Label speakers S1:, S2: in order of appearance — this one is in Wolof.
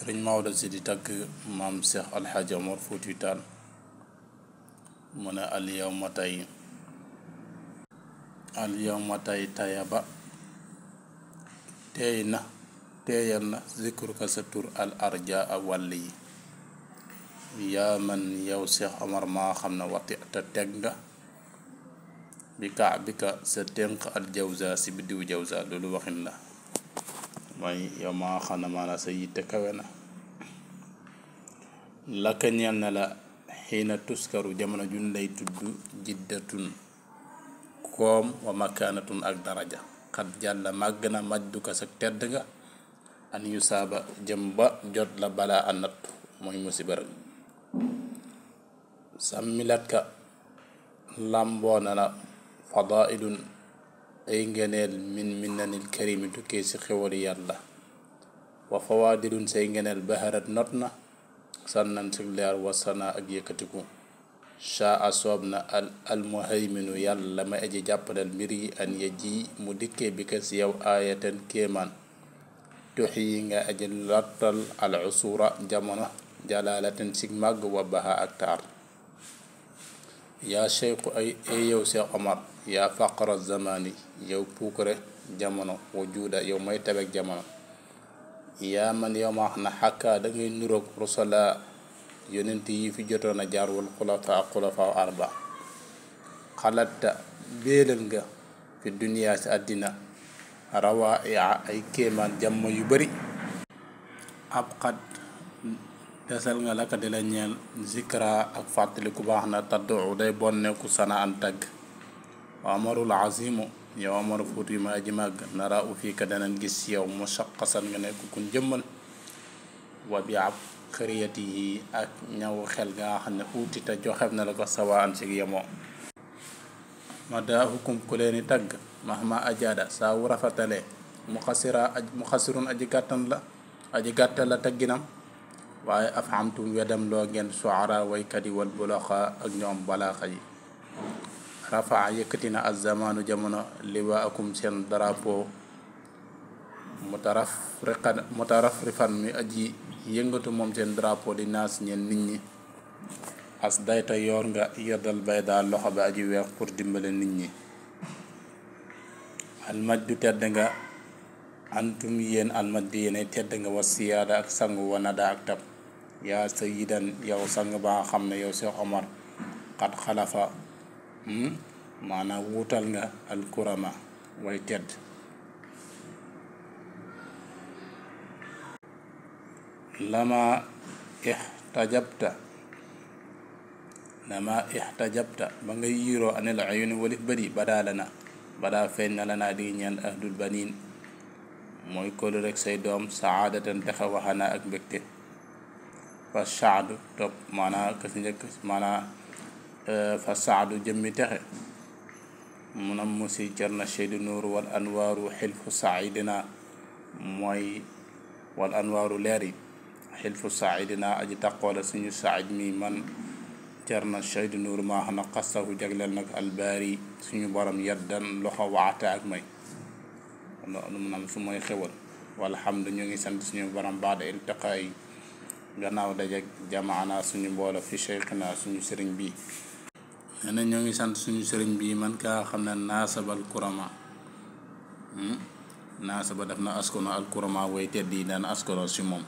S1: sëriñ Maodo si di tagg maam Cheikh Alxaaji Omar Fuuti Taal mu ne tayaba teey na teeyal na zikruka sa tur al arja a wàll yi yaa man yow Cheikh maa xam na waxti te teg nga bi kaa bi ka sa tënk al jawza si biddiwu jawza loolu waxin la may yowma xana mana sa yitte kawena laka ñel ne la xiina tuskaru jamono ju nday tudd jiddatun koom wa makanatun ak daraja xat jàlla màgg na majdu ka sag tedd nga an yu saaba jëm ba jot la bala a natt mooy musibar sammilat ka lamboo na la fadailun ay ngeneel min minnanil karimi tukkee ci xewali yàlla wa fawaadilun say ngeneel baharat not na sànnan ci leer wasana ak yëkkatiku sha a soob na al almuhayminu yàlla ma aji jàppandal mbir yi an ya ji mu dikkee bi ko ci yow aayatan kéemaan tux yi nga aji lottal al usura jamono jalaalaten ci màgg wa baha ak taar ya cheikhu ay ay yow cheikh omar ya faqara zamani yow puukare jamono wajuuda yow may tabek jamono ya man yow ma na xàkkaa da ngay yonent yi fi jotoon jaar wal arba xalatta béelal nga fi duniyaa si rawa ya ay kéemaan jàmm yu bari abqad. desal nga laka di la ñeel zikra ak fàttali ku baax na taddu day bonneku sana an tagg wa amarul azimu yow amar fuuti ma aji màgg nara u fii ka danañ gis yow mu saqasan nga nekk ku jëmmal wa bi ab xëriyati yi ak ñaw xel nga xam ne uuti te joxeb na la ko sawa an si yemoo ma daa hukum ku leeni tagg mahma ajada saa wu rafetale mu xasira aj mu aji gàttan la aji gàttal la tagginam waaye afhamtum wedam loo ngeen soara waykat yi wal bulaxa ak ñoom balaaxa yi rafaa yëkkati na azzamaanu jamono liwaakum seen drapeau mutaraf riqan mutaraf rifan mi aji yëngatu moom seen drapo di naas ñeen nit ñi as dayta yoor nga yodal bay daal loxo bi aji weex pour dimbale nit ñi almaj du tedd nga antum yéen almaj di yéene tedd nga wa siyaada ak sangu wa nada ak tab yaa sayyidan yow sang ba nga xam ne yow Cheikh Omar xat xalafa maanaam wuutal nga alkurama way tedd lama ixtajabta lama ixtajabta ba ngay yiiroo anil ayuni walif bari badaa lana badaa feeñ na lanaa di ñeel ahdul baniin mooy kóolu rek say doom saadatan texe waxana ak mbégte فالشعب طب معنا كسنجك معنا آه، فالشعب جمي تخي من موسي جرنا شيد نور والأنوار حلف سعيدنا موي والأنوار لاري حلف سعيدنا أجي تقوى لسنجو سعيد مي من جرنا شيد نور ما هنا قصه جغلنك الباري سنجو برم يدن لخا وعتاك مي لا نمنا سمي خيول والحمد نيغي سنت سنجو بعد التقائي gannaaw dajeeg jamaana suñu mboolo fi cheikhina suñu sëriñ bi nee na ñoo ngi sant suñu sëriñ bi man kaa xam ne naasabal kurama hmm? naasaba def na askono al kurama way tedd yi daan askono si moom